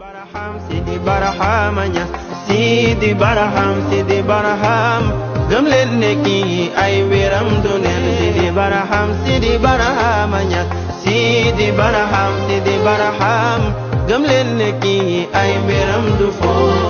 Baraham, Sidi Baraham, Sidi Baraham, Sidi Baraham, gëm leen ne kii ay wéram du neen Sidi Baraham, Sidi Baraham, Sidi Baraham, Sidi Baraham, gëm leen ne kii ay wéram du foo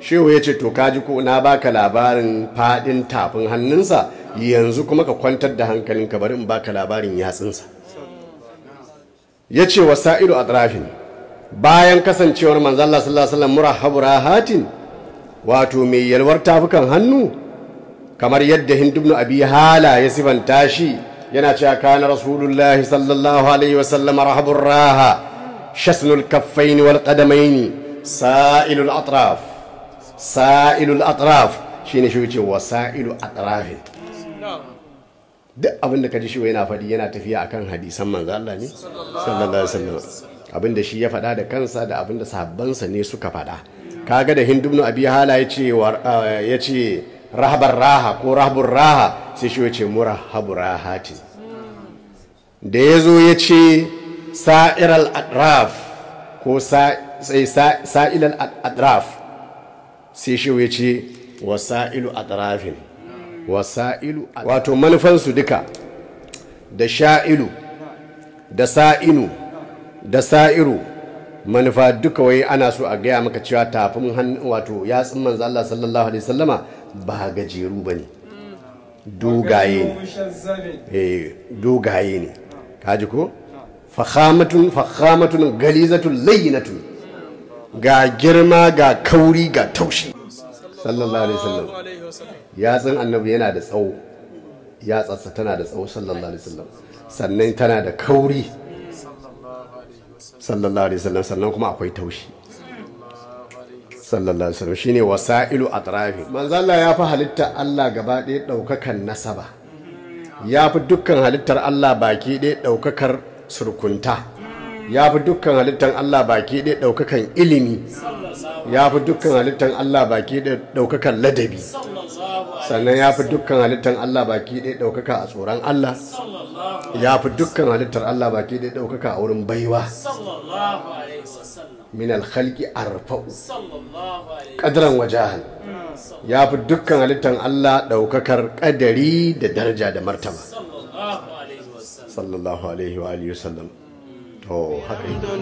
shehu ya ce to kaji ko na baka labarin fadin tafin hannunsa yanzu kuma ka kwantar da hankalin ka bari in baka labarin yatsunsa ya ce wasa'ilu atrafin bayan kasancewar manzalla sallallahu mura habura hatin wato mai yalwar tafukan hannu kamar yadda hindubnu abi hala ya sifanta shi yana cewa kana rasulullahi sallallahu alaihi wasallam rahabur raha shasnul kaffaini wal qadamaini sa'ilul atraf sa'ilul atraf shine shi ce wa sa'ilu atrafin duk abin da kaji shi yana faɗi yana tafiya akan hadisan manzo Allah ne sallallahu alaihi wasallam abin da shi ya faɗa da kansa da abin da sahabbansa ne suka faɗa Ka ga da hindu ibn abi hala yace eh, yace rahabar raha ko rahabar raha sai shi yace murahabur rahati da yazo yace sa'iral raf ko sa sa'ilan adraf sai shi ya ce wasa'ilu adrafin wasa'ilu wato manufansu duka da sha'ilu da sa'inu da sa'iru manufa duka wai ana so a gaya maka cewa tafin hannu wato yatsun manzo Allah sallallahu alaihi wasallama ba gajeru ne dogaye ne eh, dogaye ne kaji ko fahamatun fakhamatun galizatun layinatun ga girma ga kauri ga taushi sallallahu alaihi wasallam yatsun annabi yana da tsawo yatsarsa tana da tsawo sallallahu alaihi wasallam sannan tana da kauri sallallahu alaihi wasallam sannan kuma akwai taushi sallallahu alaihi wasallam shine wasa'ilu atrafi manzo Allah ya fi halitta Allah gaba ɗaya ɗaukakan nasaba ya fi dukkan halittar Allah baki ɗaya daukakar surkunta ya fi dukkan halittar Allah baki ɗaya ɗaukakan ilimi ya fi dukkan halittar Allah baki ɗaya ɗaukakan ladabi sannan ya fi dukkan halittar Allah baki ɗaya ɗaukaka a tsoron Allah ya fi dukkan halittar Allah baki ɗaya ɗaukaka a wurin baiwa min alkhalqi arfa'u qadran wajahan ya fi dukkan halittar Allah ɗaukakar ƙadari da daraja da martaba sallallahu alaihi wa sallam Oh, hakika.